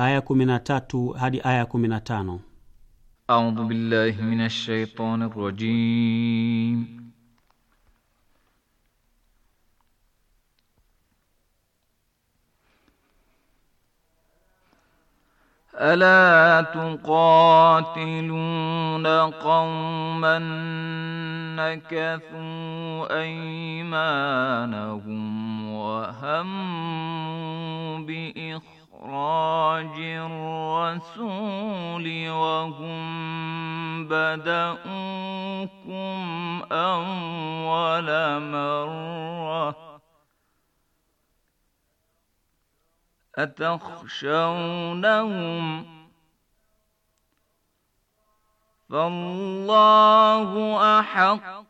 aya 13 hadi aya 15. A'udhu billahi minash shaitani rajim. ألا تقاتلون قوما نكثوا أيمانهم وهموا بإخوانهم إخراج الرسول وهم بدأوكم أول مرة أتخشونهم فالله أحق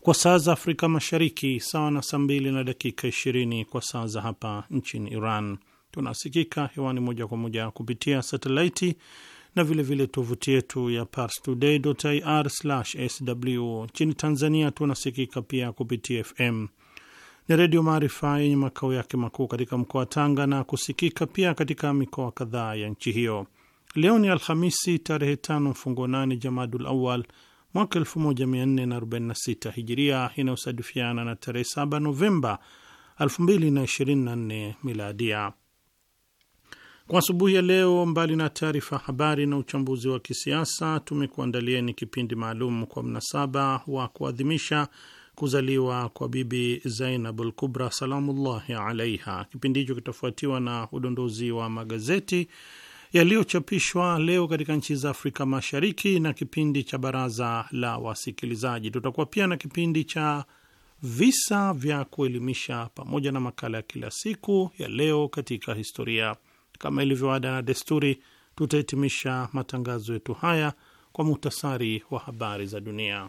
kwa saa za Afrika Mashariki, sawa na saa mbili na dakika 20 kwa saa za hapa nchini Iran. Tunasikika hewani moja kwa moja kupitia satelaiti na vilevile tovuti yetu ya parstoday.ir/sw. Nchini Tanzania tunasikika pia kupitia FM ni Redio Maarifa yenye makao yake makuu katika mkoa wa Tanga na kusikika pia katika mikoa kadhaa ya nchi hiyo. Leo ni Alhamisi tarehe tano mfungo nane Jamadul Awal mwaka 1446 hijiria inayosadifiana na tarehe 7 Novemba 2024 miladia. Kwa asubuhi ya leo, mbali na taarifa habari na uchambuzi wa kisiasa, tumekuandalieni kipindi maalum kwa mnasaba wa kuadhimisha kuzaliwa kwa Bibi Zainab lkubra salamullahi alaiha. Kipindi hicho kitafuatiwa na udondozi wa magazeti yaliyochapishwa leo katika nchi za Afrika Mashariki na kipindi cha baraza la wasikilizaji. Tutakuwa pia na kipindi cha visa vya kuelimisha pamoja na makala ya kila siku ya leo katika historia. Kama ilivyo ada na desturi, tutahitimisha matangazo yetu haya kwa muhtasari wa habari za dunia.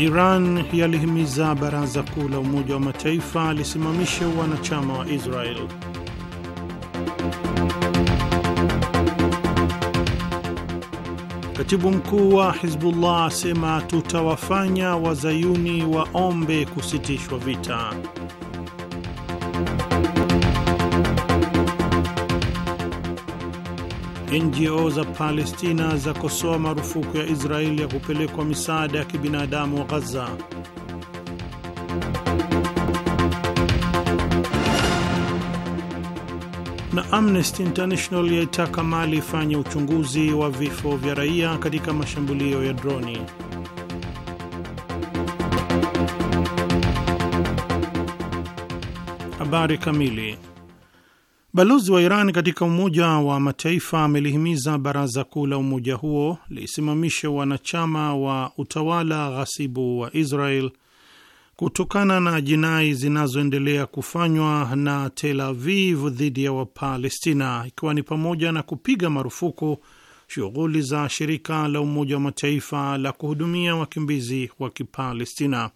Iran yalihimiza baraza kuu la Umoja wa Mataifa lisimamishe wanachama wa Israel. Katibu mkuu wa Hizbullah asema tutawafanya wazayuni waombe kusitishwa vita. NGO za Palestina zakosoa marufuku ya Israeli ya kupelekwa misaada ya kibinadamu wa Ghaza. Na Amnesty International yaitaka Mali ifanye uchunguzi wa vifo vya raia katika mashambulio ya droni. Habari kamili Balozi wa Iran katika Umoja wa Mataifa amelihimiza baraza kuu la umoja huo lisimamishe wanachama wa utawala ghasibu wa Israel kutokana na jinai zinazoendelea kufanywa na Tel Aviv dhidi ya Wapalestina, ikiwa ni pamoja na kupiga marufuku shughuli za shirika la Umoja wa Mataifa la kuhudumia wakimbizi wa Kipalestina.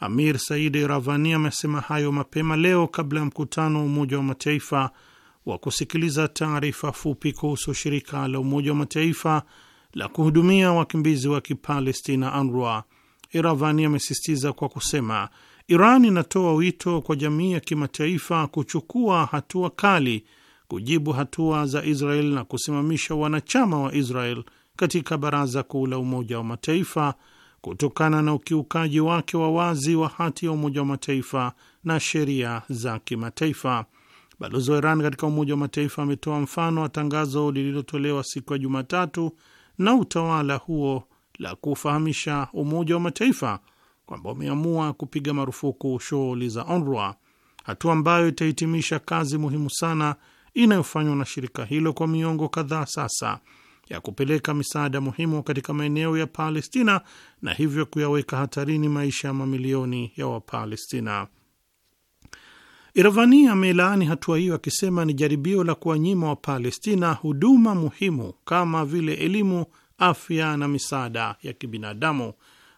Amir Said Iravani amesema hayo mapema leo kabla ya mkutano wa Umoja wa Mataifa wa kusikiliza taarifa fupi kuhusu shirika la Umoja wa Mataifa la kuhudumia wakimbizi wa Kipalestina UNRWA. Iravani amesisitiza kwa kusema Iran inatoa wito kwa jamii ya kimataifa kuchukua hatua kali kujibu hatua za Israel na kusimamisha wanachama wa Israel katika Baraza Kuu la Umoja wa Mataifa kutokana na ukiukaji wake wa wazi wa hati ya Umoja wa Mataifa na sheria za kimataifa. Balozi wa Iran katika Umoja wa Mataifa ametoa mfano wa tangazo lililotolewa siku ya Jumatatu na utawala huo la kufahamisha Umoja wa Mataifa kwamba umeamua kupiga marufuku shughuli za UNRWA, hatua ambayo itahitimisha kazi muhimu sana inayofanywa na shirika hilo kwa miongo kadhaa sasa ya kupeleka misaada muhimu katika maeneo ya Palestina na hivyo kuyaweka hatarini maisha ya mamilioni ya Wapalestina. Iravani amelaani hatua hiyo akisema ni jaribio la kuwanyima Wapalestina huduma muhimu kama vile elimu, afya na misaada ya kibinadamu.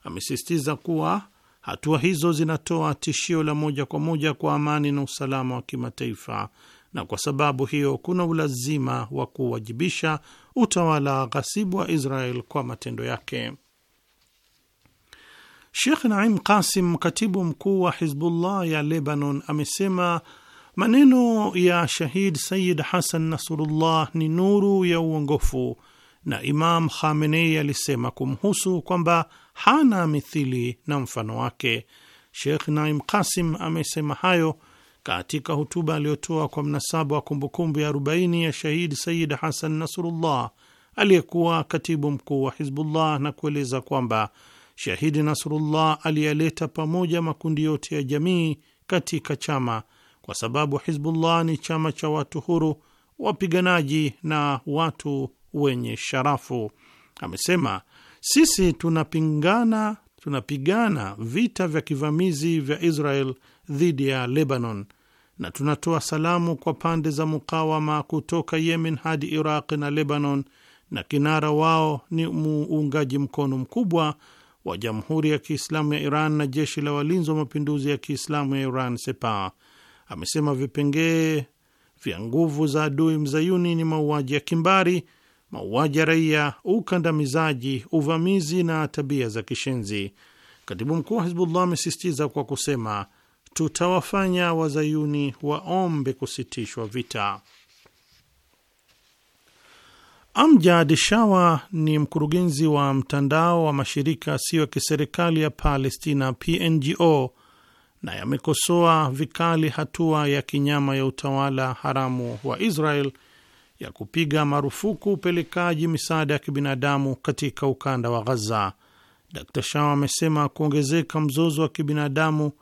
Amesisitiza kuwa hatua hizo zinatoa tishio la moja kwa moja kwa amani na usalama wa kimataifa na kwa sababu hiyo kuna ulazima wa kuwajibisha utawala ghasibu wa Israel kwa matendo yake. shekh Naim Kasim, katibu mkuu wa Hizbullah ya Lebanon, amesema maneno ya shahid Sayid Hasan Nasrullah ni nuru ya uongofu, na Imam Khamenei alisema kumhusu kwamba hana mithili na mfano wake. shekh Naim Kasim amesema hayo katika hotuba aliyotoa kwa mnasaba wa kumbukumbu ya 40 ya shahidi Sayid Hasan Nasrullah aliyekuwa katibu mkuu wa Hizbullah na kueleza kwamba shahidi Nasrullah aliyaleta pamoja makundi yote ya jamii katika chama, kwa sababu Hizbullah ni chama cha watu huru, wapiganaji na watu wenye sharafu. Amesema sisi tunapingana, tunapigana vita vya kivamizi vya Israel dhidi ya Lebanon, na tunatoa salamu kwa pande za mukawama kutoka Yemen hadi Iraq na Lebanon, na kinara wao ni muungaji mkono mkubwa wa Jamhuri ya Kiislamu ya Iran na Jeshi la Walinzi wa Mapinduzi ya Kiislamu ya Iran Sepa. Amesema vipengee vya nguvu za adui mzayuni ni mauaji ya kimbari, mauaji ya raia, ukandamizaji, uvamizi na tabia za kishenzi. Katibu mkuu wa Hizbullah amesisitiza kwa kusema tutawafanya wazayuni waombe kusitishwa vita. Amjad Shawa ni mkurugenzi wa mtandao wa mashirika asiyo ya kiserikali ya Palestina, PNGO, na yamekosoa vikali hatua ya kinyama ya utawala haramu wa Israel ya kupiga marufuku upelekaji misaada ya kibinadamu katika ukanda wa Ghaza. Dr Shawa amesema kuongezeka mzozo wa kibinadamu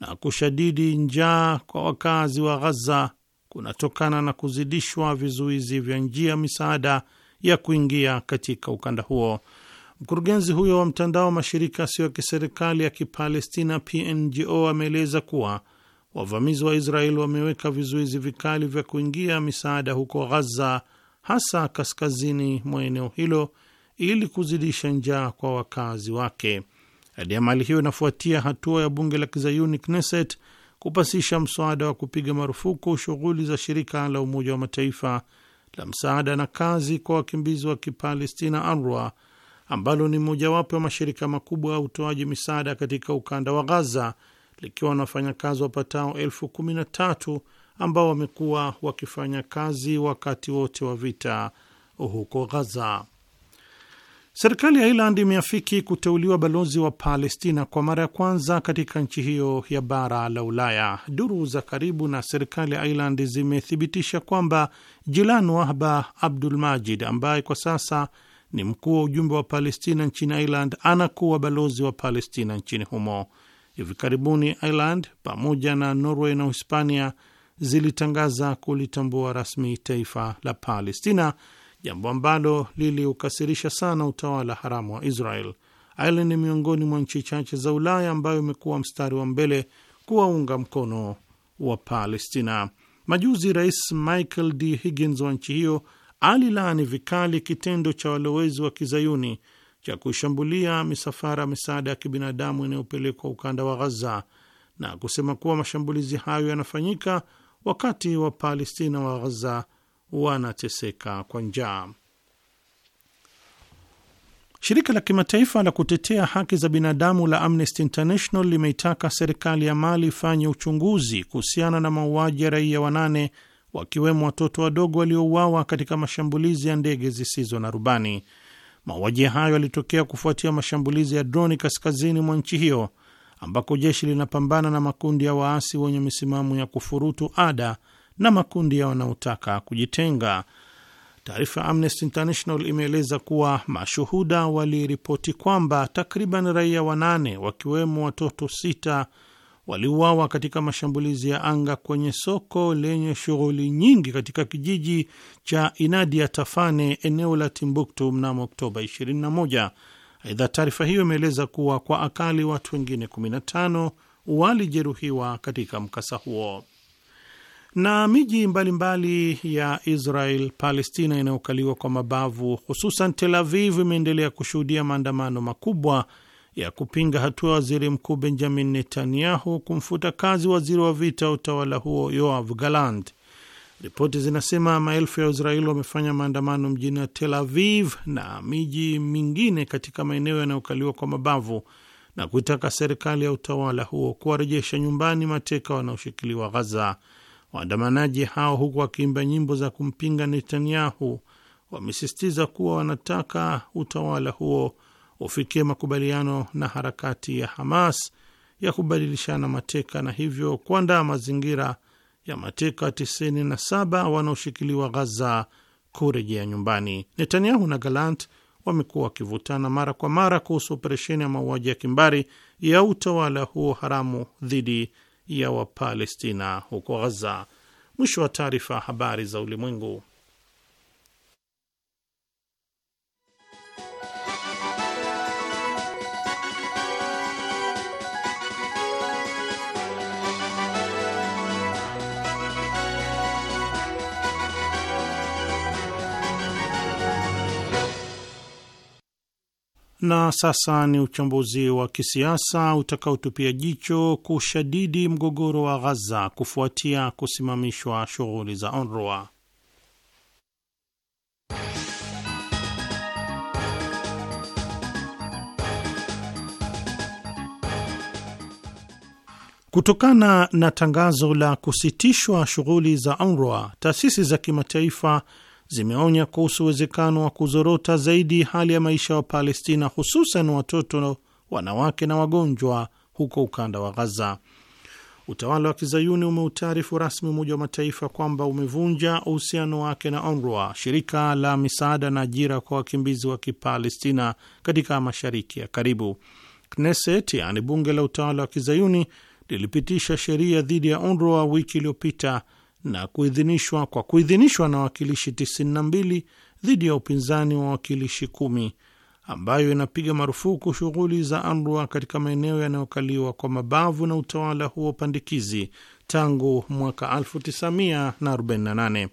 na kushadidi njaa kwa wakazi wa Ghaza kunatokana na kuzidishwa vizuizi vya njia misaada ya kuingia katika ukanda huo. Mkurugenzi huyo wa mtandao wa mashirika yasiyo ya kiserikali ya Kipalestina PNGO ameeleza kuwa wavamizi wa Israeli wameweka vizuizi vikali vya kuingia misaada huko Ghaza, hasa kaskazini mwa eneo hilo ili kuzidisha njaa kwa wakazi wake. Radi ya mali hiyo inafuatia hatua ya bunge la kizayuni Knesset kupasisha mswada wa kupiga marufuku shughuli za shirika la Umoja wa Mataifa la msaada na kazi kwa wakimbizi wa Kipalestina ANRWA ambalo ni mojawapo ya mashirika makubwa ya utoaji misaada katika ukanda wa Ghaza likiwa na wafanyakazi wapatao elfu kumi na tatu ambao wamekuwa wakifanya kazi wakati wote wa vita huko Ghaza. Serikali ya Ireland imeafiki kuteuliwa balozi wa Palestina kwa mara ya kwanza katika nchi hiyo ya bara la Ulaya. Duru za karibu na serikali ya Ireland zimethibitisha kwamba Jilan Wahba Abdul Majid, ambaye kwa sasa ni mkuu wa ujumbe wa Palestina nchini Ireland, anakuwa balozi wa Palestina nchini humo. Hivi karibuni Ireland pamoja na Norway na Uhispania zilitangaza kulitambua rasmi taifa la Palestina jambo ambalo liliukasirisha sana utawala haramu wa Israel. Ireland ni miongoni mwa nchi chache za Ulaya ambayo imekuwa mstari wa mbele kuwaunga mkono wa Palestina. Majuzi Rais Michael D Higgins wa nchi hiyo alilaani vikali kitendo cha walowezi wa kizayuni cha kushambulia misafara ya misaada ya kibinadamu inayopelekwa ukanda wa Ghaza na kusema kuwa mashambulizi hayo yanafanyika wakati wa Palestina wa Ghaza wanateseka kwa njaa. Shirika la kimataifa la kutetea haki za binadamu la Amnesty International limeitaka serikali ya Mali ifanye uchunguzi kuhusiana na mauaji ya raia wanane wakiwemo watoto wadogo waliouawa katika mashambulizi ya ndege zisizo na rubani. Mauaji hayo yalitokea kufuatia mashambulizi ya droni kaskazini mwa nchi hiyo ambako jeshi linapambana na makundi ya waasi wenye misimamo ya kufurutu ada na makundi ya wanaotaka kujitenga. Taarifa ya Amnesty International imeeleza kuwa mashuhuda waliripoti kwamba takriban raia wanane wakiwemo watoto sita waliuawa katika mashambulizi ya anga kwenye soko lenye shughuli nyingi katika kijiji cha inadi ya Tafane, eneo la Timbuktu mnamo Oktoba 21. Aidha, taarifa hiyo imeeleza kuwa kwa akali watu wengine 15 walijeruhiwa katika mkasa huo na miji mbalimbali mbali ya Israel Palestina inayokaliwa kwa mabavu, hususan Tel Aviv, imeendelea kushuhudia maandamano makubwa ya kupinga hatua ya waziri mkuu Benjamin Netanyahu kumfuta kazi waziri wa vita wa utawala huo Yoav Gallant. Ripoti zinasema maelfu ya Israeli wamefanya maandamano mjini Tel Aviv na miji mingine katika maeneo yanayokaliwa kwa mabavu na kuitaka serikali ya utawala huo kuwarejesha nyumbani mateka wanaoshikiliwa Ghaza. Waandamanaji hao huku wakiimba nyimbo za kumpinga Netanyahu wamesisitiza kuwa wanataka utawala huo ufikie makubaliano na harakati ya Hamas ya kubadilishana mateka na hivyo kuandaa mazingira ya mateka 97 wanaoshikiliwa Ghaza kurejea nyumbani. Netanyahu na Galant wamekuwa wakivutana mara kwa mara kuhusu operesheni ya mauaji ya kimbari ya utawala huo haramu dhidi ya Wapalestina huko Ghaza. Mwisho wa taarifa. Habari za Ulimwengu. Na sasa ni uchambuzi wa kisiasa utakaotupia jicho kushadidi mgogoro wa Ghaza kufuatia kusimamishwa shughuli za UNRWA. Kutokana na tangazo la kusitishwa shughuli za UNRWA, taasisi za kimataifa zimeonya kuhusu uwezekano wa kuzorota zaidi hali ya maisha wa Palestina, hususan watoto, wanawake na wagonjwa huko ukanda wa Ghaza. Utawala wa kizayuni umeutaarifu rasmi Umoja wa Mataifa kwamba umevunja uhusiano wake na UNRWA, shirika la misaada na ajira kwa wakimbizi wa Kipalestina katika mashariki ya karibu. Knesset, yaani bunge la utawala wa kizayuni, lilipitisha sheria dhidi ya UNRWA wiki iliyopita na kuidhinishwa kwa kuidhinishwa na wakilishi 92 dhidi ya upinzani wa wakilishi kumi ambayo inapiga marufuku shughuli za unrwa katika maeneo yanayokaliwa kwa mabavu na utawala huo pandikizi tangu mwaka 1948.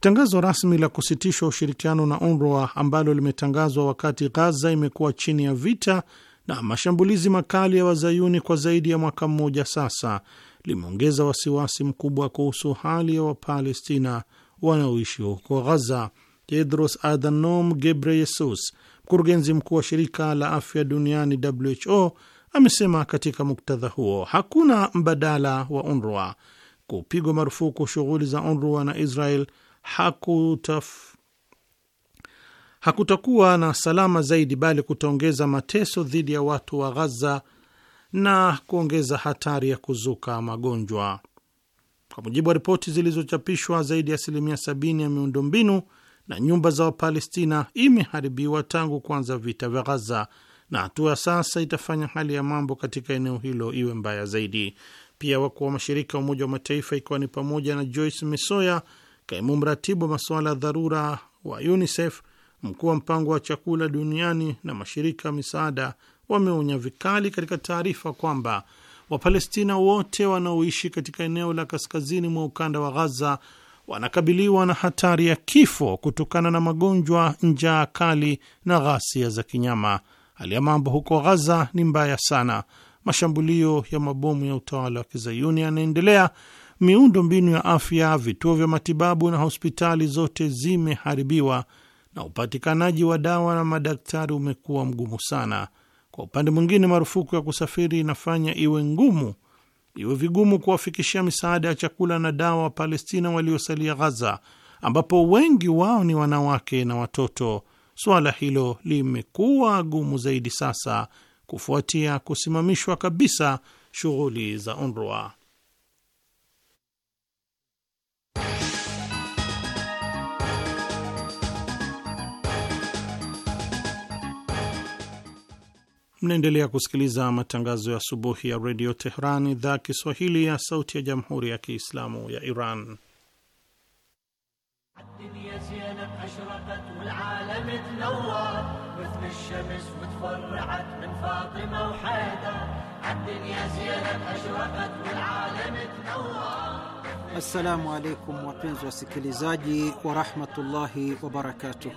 Tangazo rasmi la kusitishwa ushirikiano na UNRWA ambalo limetangazwa wakati Ghaza imekuwa chini ya vita na mashambulizi makali ya wazayuni kwa zaidi ya mwaka mmoja sasa limeongeza wasiwasi mkubwa kuhusu hali ya Wapalestina wanaoishi huko Ghaza. Tedros Adhanom Ghebreyesus, mkurugenzi mkuu wa shirika la afya duniani WHO, amesema katika muktadha huo hakuna mbadala wa UNRWA. Kupigwa marufuku shughuli za UNRWA na Israel hakutaf... hakutakuwa na salama zaidi, bali kutaongeza mateso dhidi ya watu wa Ghaza na kuongeza hatari ya kuzuka magonjwa. Kwa mujibu wa ripoti zilizochapishwa, zaidi ya asilimia sabini ya miundombinu na nyumba za Wapalestina imeharibiwa tangu kuanza vita vya Ghaza, na hatua ya sasa itafanya hali ya mambo katika eneo hilo iwe mbaya zaidi. Pia wakuu wa mashirika ya Umoja wa Mataifa ikiwa ni pamoja na Joyce Mesoya, kaimu mratibu wa masuala ya dharura wa UNICEF, mkuu wa mpango wa chakula duniani na mashirika ya misaada wameonya vikali katika taarifa kwamba Wapalestina wote wanaoishi katika eneo la kaskazini mwa ukanda wa Ghaza wanakabiliwa na hatari ya kifo kutokana na magonjwa, njaa kali na ghasia za kinyama. Hali ya mambo huko Ghaza ni mbaya sana. Mashambulio ya mabomu ya utawala wa kizayuni yanaendelea. Miundo mbinu ya afya, vituo vya matibabu na hospitali zote zimeharibiwa, na upatikanaji wa dawa na madaktari umekuwa mgumu sana. Kwa upande mwingine, marufuku ya kusafiri inafanya iwe ngumu, iwe vigumu kuwafikishia misaada ya chakula na dawa wa palestina waliosalia Ghaza, ambapo wengi wao ni wanawake na watoto. Suala hilo limekuwa gumu zaidi sasa kufuatia kusimamishwa kabisa shughuli za UNRWA. Mnaendelea kusikiliza matangazo ya asubuhi ya redio Tehran, idhaa Kiswahili ya sauti ya jamhuri ya kiislamu ya Iran. Assalamu alaikum wapenzi wasikilizaji rahmatullahi wabarakatuh.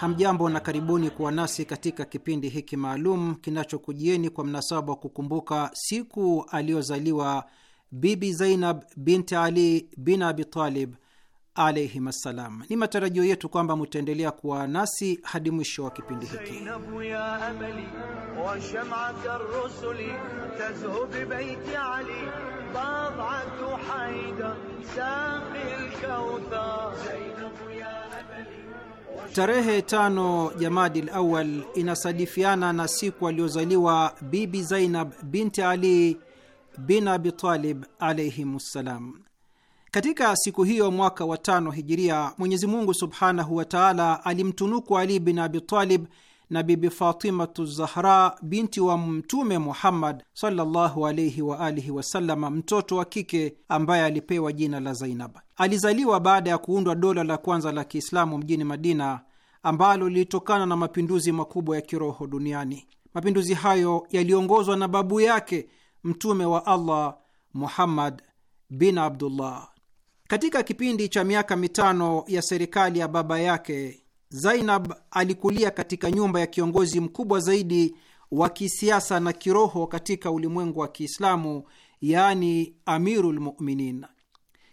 Hamjambo na karibuni kuwa nasi katika kipindi hiki maalum kinachokujieni kwa mnasaba wa kukumbuka siku aliyozaliwa Bibi Zainab binti Ali bin Abi Talib alaihim assalam. Ni matarajio yetu kwamba mutaendelea kuwa nasi hadi mwisho wa kipindi hiki. Tarehe tano Jamadil Awal inasadifiana na siku aliyozaliwa Bibi Zainab binti Ali bin Abi Talib ssalam. Katika siku hiyo mwaka wa tano hijiria, Mwenyezi Mungu subhanahu wa taala alimtunuku Ali bin Abi Talib na Bibi Fatimatu Zahra binti wa Mtume Muhammad sallallahu wa alihi mtoto wa kike ambaye alipewa jina la Zainab. Alizaliwa baada ya kuundwa dola la kwanza la Kiislamu mjini Madina ambalo lilitokana na mapinduzi makubwa ya kiroho duniani. Mapinduzi hayo yaliongozwa na babu yake Mtume wa Allah Muhammad bin Abdullah. Katika kipindi cha miaka mitano ya serikali ya baba yake Zainab alikulia katika nyumba ya kiongozi mkubwa zaidi wa kisiasa na kiroho katika ulimwengu wa Kiislamu, yaani Amirul Muminin.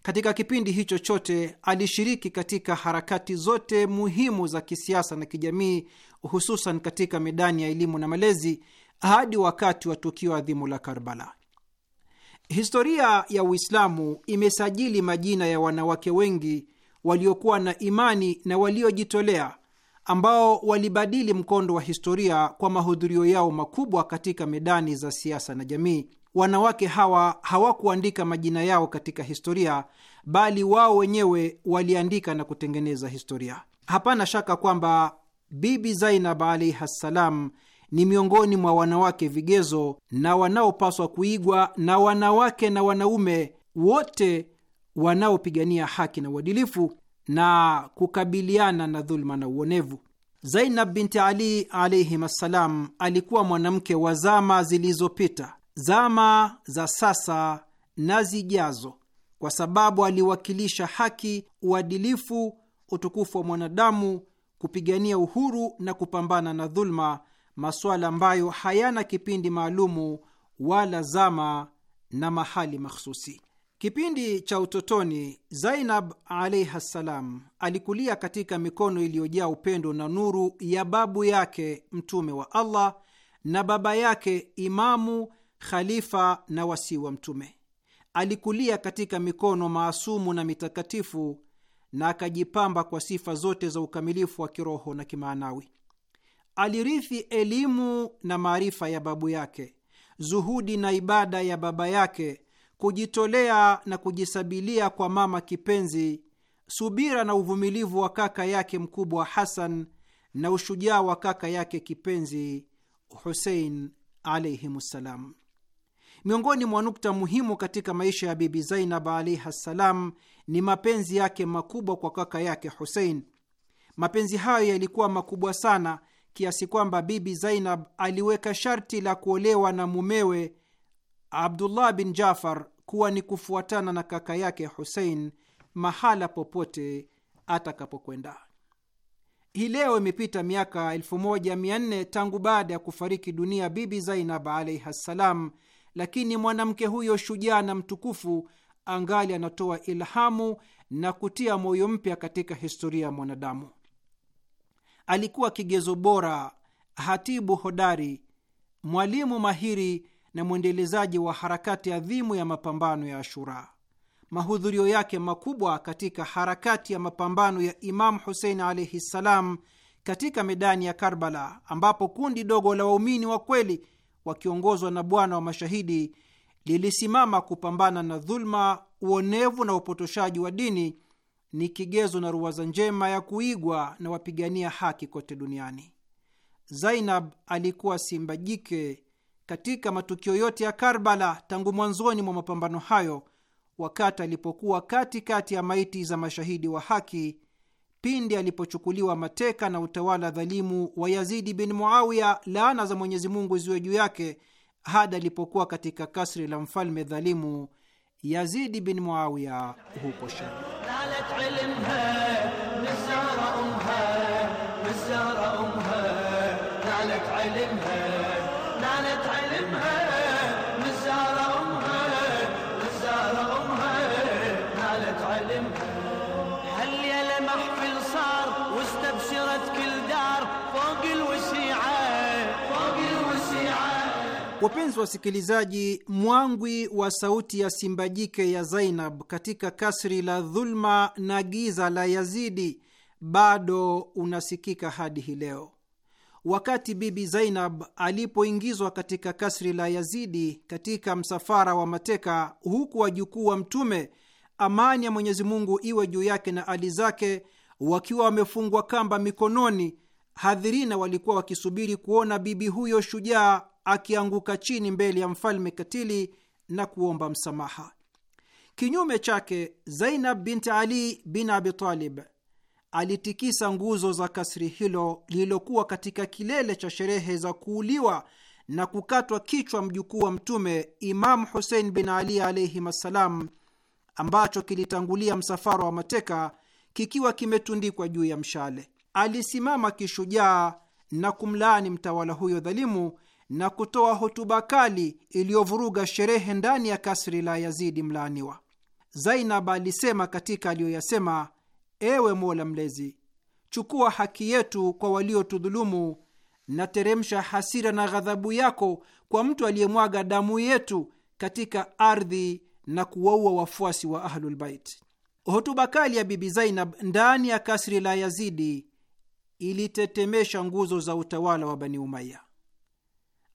Katika kipindi hicho chote alishiriki katika harakati zote muhimu za kisiasa na kijamii, hususan katika medani ya elimu na malezi, hadi wakati wa tukio adhimu la Karbala. Historia ya Uislamu imesajili majina ya wanawake wengi waliokuwa na imani na waliojitolea ambao walibadili mkondo wa historia kwa mahudhurio yao makubwa katika medani za siasa na jamii. Wanawake hawa hawakuandika majina yao katika historia, bali wao wenyewe waliandika na kutengeneza historia. Hapana shaka kwamba Bibi Zainab alaihi ssalam ni miongoni mwa wanawake vigezo na wanaopaswa kuigwa na wanawake na wanaume wote wanaopigania haki na uadilifu na kukabiliana na dhuluma na uonevu. Zainab binti Ali alaihim assalam alikuwa mwanamke wa zama zilizopita, zama za sasa na zijazo, kwa sababu aliwakilisha haki, uadilifu, utukufu wa mwanadamu, kupigania uhuru na kupambana na dhuluma, masuala ambayo hayana kipindi maalumu wala zama na mahali makhususi. Kipindi cha utotoni, Zainab alaihi ssalam alikulia katika mikono iliyojaa upendo na nuru ya babu yake Mtume wa Allah na baba yake Imamu, khalifa na wasii wa Mtume. Alikulia katika mikono maasumu na mitakatifu na akajipamba kwa sifa zote za ukamilifu wa kiroho na kimaanawi. Alirithi elimu na maarifa ya babu yake, zuhudi na ibada ya baba yake kujitolea na kujisabilia kwa mama kipenzi, subira na uvumilivu wa kaka yake mkubwa Hasan na ushujaa wa kaka yake kipenzi Husein alaihim ssalam. Miongoni mwa nukta muhimu katika maisha ya Bibi Zainab alaihi ssalam ni mapenzi yake makubwa kwa kaka yake Husein. Mapenzi hayo yalikuwa makubwa sana kiasi kwamba Bibi Zainab aliweka sharti la kuolewa na mumewe Abdullah bin Jafar kuwa ni kufuatana na kaka yake Husein mahala popote atakapokwenda. Hii leo imepita miaka 1400 tangu baada ya kufariki dunia Bibi Zainab alaihi ssalam, lakini mwanamke huyo shujaa na mtukufu angali anatoa ilhamu na kutia moyo mpya katika historia ya mwanadamu. Alikuwa kigezo bora, hatibu hodari, mwalimu mahiri na mwendelezaji wa harakati adhimu ya mapambano ya Ashura. Mahudhurio yake makubwa katika harakati ya mapambano ya Imamu Husein alaihi ssalam katika medani ya Karbala, ambapo kundi dogo la waumini wa kweli wakiongozwa na bwana wa mashahidi lilisimama kupambana na dhuluma, uonevu na upotoshaji wa dini, ni kigezo na ruwaza njema ya kuigwa na wapigania haki kote duniani. Zainab alikuwa simba jike katika matukio yote ya Karbala tangu mwanzoni mwa mapambano hayo, wakati alipokuwa katikati ya maiti za mashahidi wa haki pindi alipochukuliwa mateka na utawala dhalimu wa Yazidi bin Muawiya, laana za Mwenyezi Mungu ziwe juu yake, hadi alipokuwa katika kasri la mfalme dhalimu Yazidi bin Muawiya huko Sham. Wapenzi wasikilizaji, mwangwi wa sauti ya simba jike ya Zainab katika kasri la dhulma na giza la Yazidi bado unasikika hadi hi leo. Wakati Bibi Zainab alipoingizwa katika kasri la Yazidi katika msafara wa mateka, huku wajukuu wa Mtume, amani ya Mwenyezi Mungu iwe juu yake na ali zake, wakiwa wamefungwa kamba mikononi, hadhirina walikuwa wakisubiri kuona bibi huyo shujaa akianguka chini mbele ya mfalme katili na kuomba msamaha. Kinyume chake, Zainab bint Ali bin Abi Talib alitikisa nguzo za kasri hilo lililokuwa katika kilele cha sherehe za kuuliwa na kukatwa kichwa mjukuu wa Mtume Imamu Husein bin Ali alaihim assalam, ambacho kilitangulia msafara wa mateka kikiwa kimetundikwa juu ya mshale. Alisimama kishujaa na kumlaani mtawala huyo dhalimu na kutoa hotuba kali iliyovuruga sherehe ndani ya kasri la Yazidi mlaaniwa. Zainab alisema katika aliyoyasema: ewe Mola Mlezi, chukua haki yetu kwa waliotudhulumu, na teremsha hasira na ghadhabu yako kwa mtu aliyemwaga damu yetu katika ardhi na kuwaua wafuasi wa Ahlulbait. Hotuba kali ya Bibi Zainab ndani ya kasri la Yazidi ilitetemesha nguzo za utawala wa Bani Umaya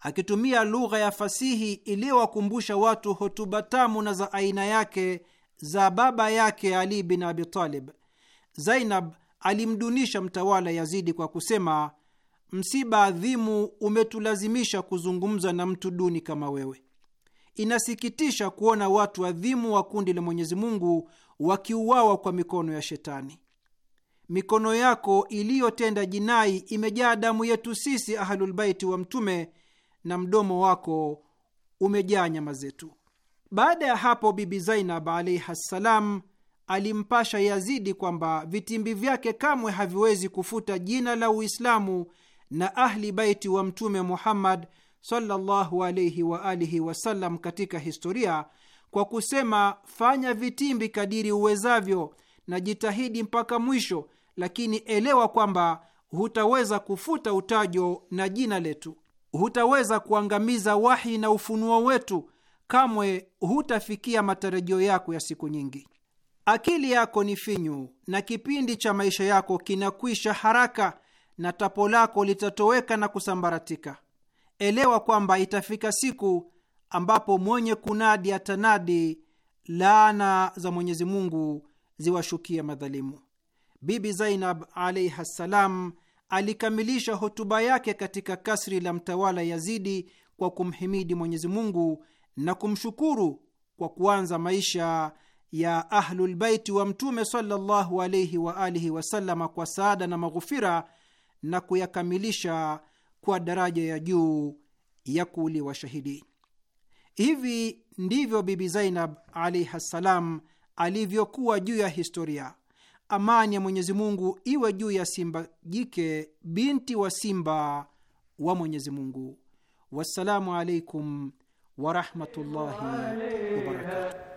akitumia lugha ya fasihi iliyowakumbusha watu hotuba tamu na za aina yake za baba yake Ali bin Abi Talib. Zainab alimdunisha mtawala Yazidi kwa kusema, msiba adhimu umetulazimisha kuzungumza na mtu duni kama wewe. Inasikitisha kuona watu adhimu wa kundi la Mwenyezi Mungu wakiuawa kwa mikono ya Shetani. Mikono yako iliyotenda jinai imejaa damu yetu sisi Ahlulbaiti wa Mtume na mdomo wako umejaa nyama zetu. Baada ya hapo, Bibi Zainab alaihi ssalam alimpasha Yazidi kwamba vitimbi vyake kamwe haviwezi kufuta jina la Uislamu na Ahli Baiti wa Mtume Muhammad sallallahu alaihi wa alihi wasallam katika historia kwa kusema, fanya vitimbi kadiri uwezavyo na jitahidi mpaka mwisho, lakini elewa kwamba hutaweza kufuta utajo na jina letu hutaweza kuangamiza wahi na ufunuo wetu, kamwe hutafikia matarajio yako ya siku nyingi. Akili yako ni finyu na kipindi cha maisha yako kinakwisha haraka, na tapo lako litatoweka na kusambaratika. Elewa kwamba itafika siku ambapo mwenye kunadi atanadi, laana za Mwenyezi Mungu ziwashukie madhalimu. Bibi Zainab alaihi ssalam alikamilisha hotuba yake katika kasri la mtawala Yazidi kwa kumhimidi Mwenyezi Mungu na kumshukuru kwa kuanza maisha ya Ahlulbaiti wa Mtume sallallahu alaihi wa alihi kwa saada na maghufira na kuyakamilisha kwa daraja ya juu ya kuuliwa shahidi. Hivi ndivyo Bibi Zainab alaihi ssalam alivyokuwa juu ya historia amani ya Mwenyezi Mungu iwe juu ya simba jike, binti wa simba wa Mwenyezi Mungu. Wassalamu alaikum warahmatullahi wabarakatuh.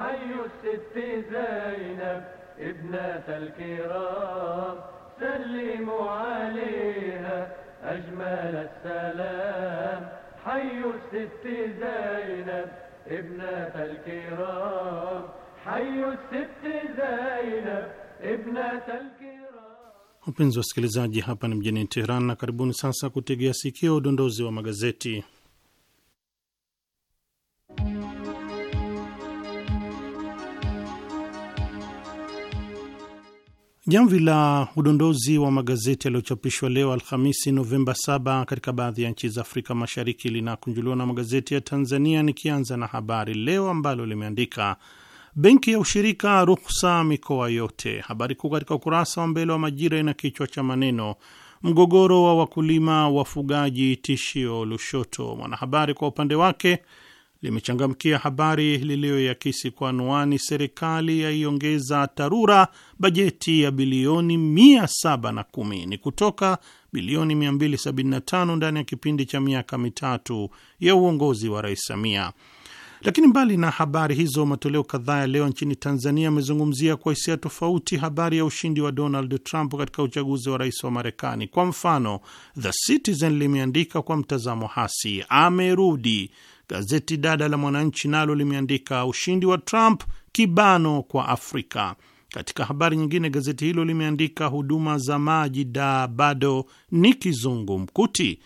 حي الست زينب ابنة الكرام سلموا عليها أجمل السلام حي الست زينب ابنة الكرام hayu wa wasikilizaji, hapa ni mjini Teheran na karibuni sasa kutegea sikio udondozi wa magazeti. Jamvi la udondozi wa magazeti yaliyochapishwa leo Alhamisi, Novemba 7 katika baadhi ya nchi za Afrika Mashariki linakunjuliwa na magazeti ya Tanzania, nikianza na Habari Leo ambalo limeandika benki ya ushirika ruhusa mikoa yote. Habari kuu katika ukurasa wa mbele wa Majira ina kichwa cha maneno mgogoro wa wakulima wafugaji tishio Lushoto. Mwanahabari kwa upande wake limechangamkia habari liliyoyakisi kwa anwani serikali yaiongeza TARURA bajeti ya bilioni 710 ni kutoka bilioni 275 ndani ya kipindi cha miaka mitatu ya uongozi wa Rais Samia. Lakini mbali na habari hizo, matoleo kadhaa ya leo nchini Tanzania yamezungumzia kwa hisia tofauti habari ya ushindi wa Donald Trump katika uchaguzi wa rais wa Marekani. Kwa mfano, The Citizen limeandika kwa mtazamo hasi, amerudi. Gazeti dada la Mwananchi nalo limeandika ushindi wa Trump kibano kwa Afrika. Katika habari nyingine, gazeti hilo limeandika huduma za maji da bado ni kizungumkuti.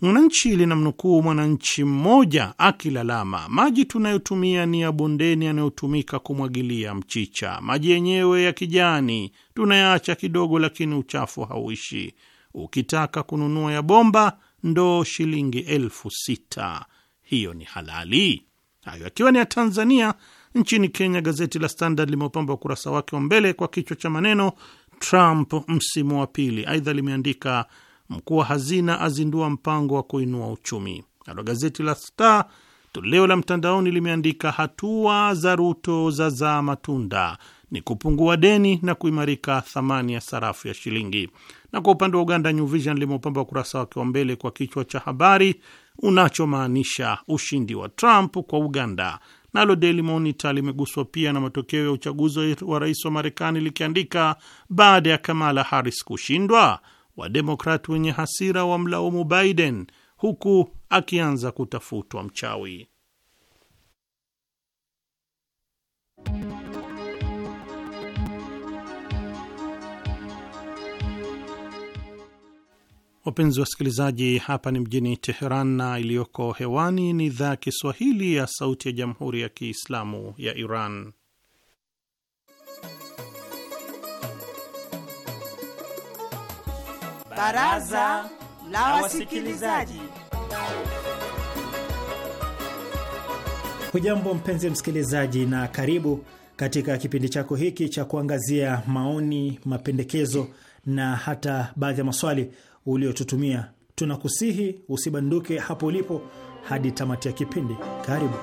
Mwananchi linamnukuu mwananchi mmoja akilalama, maji tunayotumia ni ya bondeni yanayotumika kumwagilia mchicha. Maji yenyewe ya kijani tunayaacha kidogo, lakini uchafu hauishi. Ukitaka kununua ya bomba, ndo shilingi elfu sita. Hiyo ni halali? Hayo akiwa ni ya Tanzania. Nchini Kenya, gazeti la Standard limeupamba ukurasa wake wa mbele kwa kichwa cha maneno Trump msimu wa pili. Aidha limeandika mkuu wa hazina azindua mpango wa kuinua uchumi. Nalo gazeti la Star toleo la mtandaoni limeandika hatua za Ruto za zaa matunda, ni kupungua deni na kuimarika thamani ya sarafu ya shilingi. Na kwa upande wa Uganda, New Vision limeupamba ukurasa wake wa mbele kwa kichwa cha habari unachomaanisha ushindi wa Trump kwa Uganda. Nalo Daily Monitor limeguswa pia na matokeo ya uchaguzi wa rais wa Marekani likiandika, baada ya Kamala Harris kushindwa, Wademokrat wenye hasira wa mlaumu Biden huku akianza kutafutwa mchawi. Wapenzi wasikilizaji, hapa ni mjini Teheran na iliyoko hewani ni idhaa ya Kiswahili ya Sauti ya Jamhuri ya Kiislamu ya Iran. Baraza la Wasikilizaji. Hujambo mpenzi msikilizaji, na karibu katika kipindi chako hiki cha kuangazia maoni, mapendekezo na hata baadhi ya maswali uliotutumia. Tunakusihi usibanduke hapo ulipo hadi tamati ya kipindi. Karibu.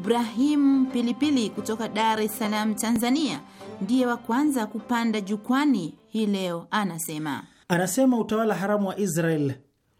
Ibrahim Pilipili kutoka Dar es Salaam, Tanzania, ndiye wa kwanza kupanda jukwani hii leo. Anasema anasema utawala haramu wa Israel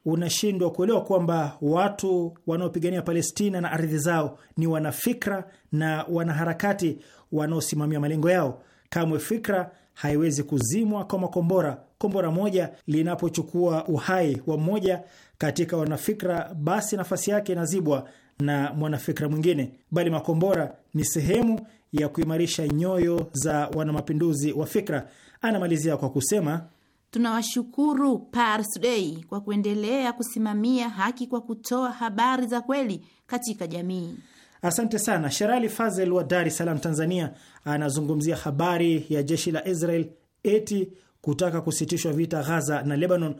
unashindwa kuelewa kwamba watu wanaopigania Palestina na ardhi zao ni wanafikra na wanaharakati wanaosimamia malengo yao. Kamwe fikra haiwezi kuzimwa kwa makombora. Kombora moja linapochukua uhai wa mmoja katika wanafikra, basi nafasi yake inazibwa na mwanafikra mwingine, bali makombora ni sehemu ya kuimarisha nyoyo za wanamapinduzi wa fikra. Anamalizia kwa kusema tunawashukuru Pars Day kwa kuendelea kusimamia haki kwa kutoa habari za kweli katika jamii. Asante sana. Sherali Fazel wa Dar es Salaam, Tanzania, anazungumzia habari ya jeshi la Israel eti kutaka kusitishwa vita Ghaza na Lebanon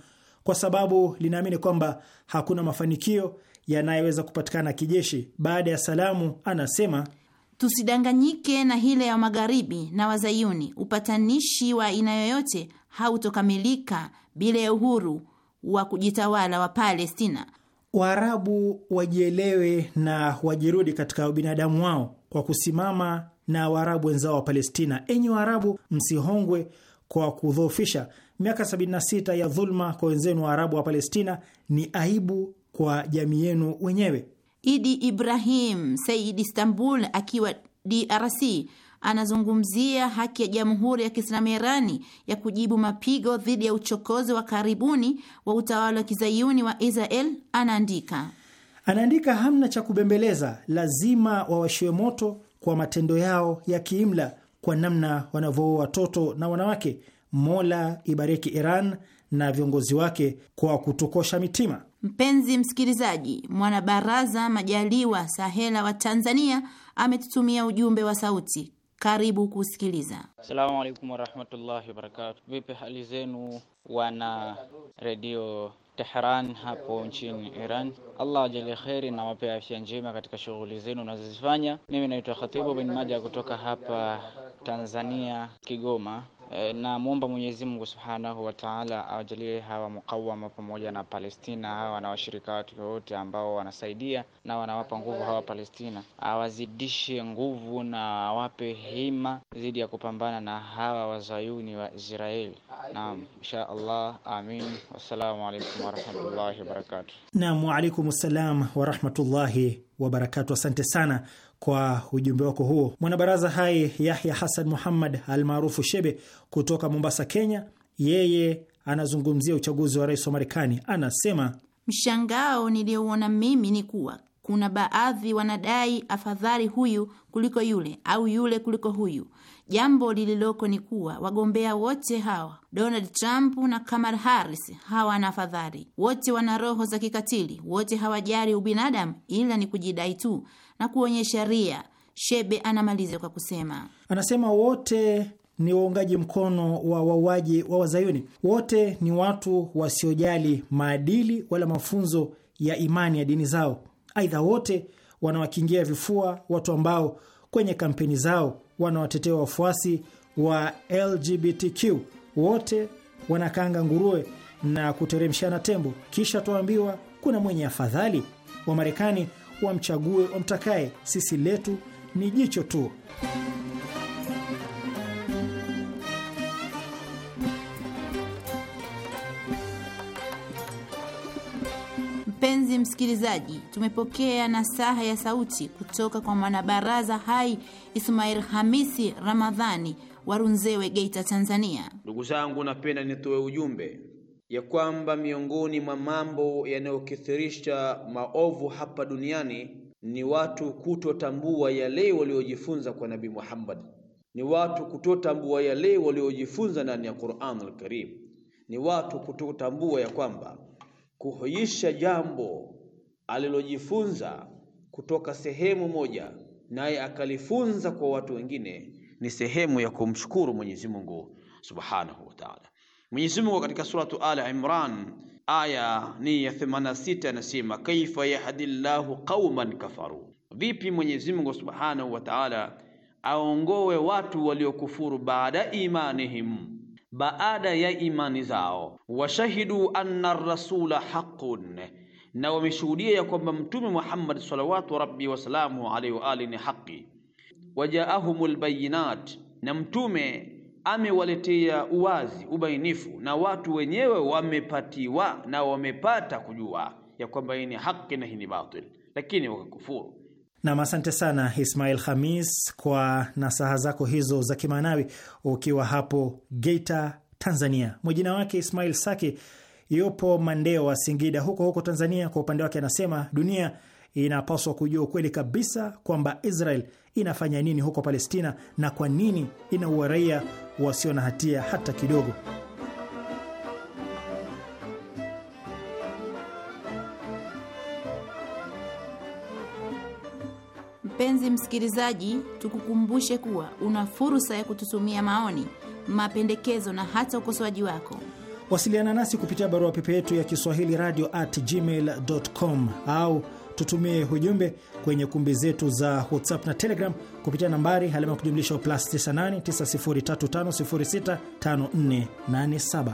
kwa sababu linaamini kwamba hakuna mafanikio yanayoweza kupatikana kijeshi. Baada ya salamu, anasema tusidanganyike na hile ya magharibi na Wazayuni. Upatanishi wa aina yoyote hautokamilika bila ya uhuru wa kujitawala wa Palestina. Waarabu wajielewe na wajirudi katika ubinadamu wao kwa kusimama na Waarabu wenzao wa Palestina. Enyi Waarabu, msihongwe kwa kudhoofisha. Miaka 76 ya dhuluma kwa wenzenu Waarabu wa Palestina ni aibu kwa jamii yenu wenyewe. Idi Ibrahim Said Istanbul akiwa DRC anazungumzia haki ya Jamhuri ya Kiislamu ya Irani ya kujibu mapigo dhidi ya uchokozi wa karibuni wa utawala wa kizayuni wa Israel. Anaandika anaandika, hamna cha kubembeleza, lazima wawashiwe moto kwa matendo yao ya kiimla, kwa namna wanavyoua watoto na wanawake. Mola ibariki Iran na viongozi wake kwa kutukosha mitima. Mpenzi msikilizaji, mwanabaraza Majaliwa Sahela wa Tanzania ametutumia ujumbe wa sauti. Karibu kusikiliza. Asalamu alaikum warahmatullahi wabarakatu Vipi hali zenu wana redio Tehran hapo nchini Iran. Allah ajalie kheri na wape afya njema katika shughuli zenu unazozifanya. Mimi naitwa Khatibu bin Maja kutoka hapa Tanzania, Kigoma. Eh, namwomba na muomba Mwenyezi Mungu Subhanahu wa Ta'ala awajalie hawa mukawama pamoja na Palestina hawa na washirika watu wote ambao wanasaidia na wanawapa nguvu hawa Palestina, awazidishe nguvu na awape hima dhidi ya kupambana na hawa wazayuni wa Israeli. Naam, insha Allah, amin. Wassalamu alaykum wa rahmatullahi wa barakatuh. Naam, wa alaykum assalam wa rahmatullahi wabarakatu. Asante sana kwa ujumbe wako huo. Mwanabaraza hai Yahya Hasan Muhammad almaarufu Shebe kutoka Mombasa, Kenya, yeye anazungumzia uchaguzi wa rais wa Marekani. Anasema mshangao niliyouona mimi ni kuwa kuna baadhi wanadai afadhali huyu kuliko yule au yule kuliko huyu Jambo lililoko ni kuwa wagombea wote hawa Donald Trump na Kamala Harris hawana fadhari. wote wana roho za kikatili, wote hawajali ubinadamu, ila ni kujidai tu na kuonyesha ria. Shebe anamaliza kwa kusema, anasema wote ni waungaji mkono wa wauaji wa Wazayuni, wote ni watu wasiojali maadili wala mafunzo ya imani ya dini zao. Aidha, wote wanawakingia vifua watu ambao kwenye kampeni zao wanawatetea wafuasi wa LGBTQ wote wanakanga nguruwe na kuteremshana tembo, kisha twaambiwa kuna mwenye afadhali. Wamarekani wamchague wamtakaye, sisi letu ni jicho tu. Mpenzi msikilizaji, tumepokea nasaha ya sauti kutoka kwa mwanabaraza hai Ismail Hamisi Ramadhani wa Runzewe, Geita, Tanzania. Ndugu zangu, napenda nitoe ujumbe ya kwamba miongoni mwa mambo yanayokithirisha maovu hapa duniani ni watu kutotambua yale waliojifunza kwa Nabii Muhammad, ni watu kutotambua yale waliojifunza ndani ya Qur'an al-Karim, ni watu kutotambua ya kwamba kuhuisha jambo alilojifunza kutoka sehemu moja naye akalifunza kwa watu wengine ni sehemu ya kumshukuru Mwenyezi Mungu Subhanahu wa Ta'ala. Mwenyezi Mungu katika suratu Ala Imran aya ni ya 86 anasema, kaifa yahdillahu qauman kafaru, vipi Mwenyezi Mungu Subhanahu wa Ta'ala aongoe watu waliokufuru baada imanihim baada ya imani zao, washahidu anna rasula haqqun, na wameshuhudia ya kwamba Mtume Muhammad salawatu rabbi wasalamu alaihi wa alihi ni haki. Wajaahumul bayinat, na mtume amewaletea uwazi ubainifu, na watu wenyewe wamepatiwa na wamepata kujua ya kwamba hii ni haki na hii ni batil, lakini wakakufuru. Nam, asante sana Ismail Hamis kwa nasaha zako hizo za kimaanawi, ukiwa hapo Geita, Tanzania. Mwejina wake Ismail Saki yupo Mandeo wa Singida, huko huko Tanzania. Kwa upande wake anasema dunia inapaswa kujua ukweli kabisa kwamba Israel inafanya nini huko Palestina na kwa nini inaua raia wasio na hatia hata kidogo. Mpenzi msikilizaji, tukukumbushe kuwa una fursa ya kututumia maoni, mapendekezo na hata ukosoaji wako. Wasiliana nasi kupitia barua pepe yetu ya Kiswahili radio at gmail com au tutumie ujumbe kwenye kumbi zetu za WhatsApp na Telegram kupitia nambari alama ya kujumlisha plus 98 9035065487.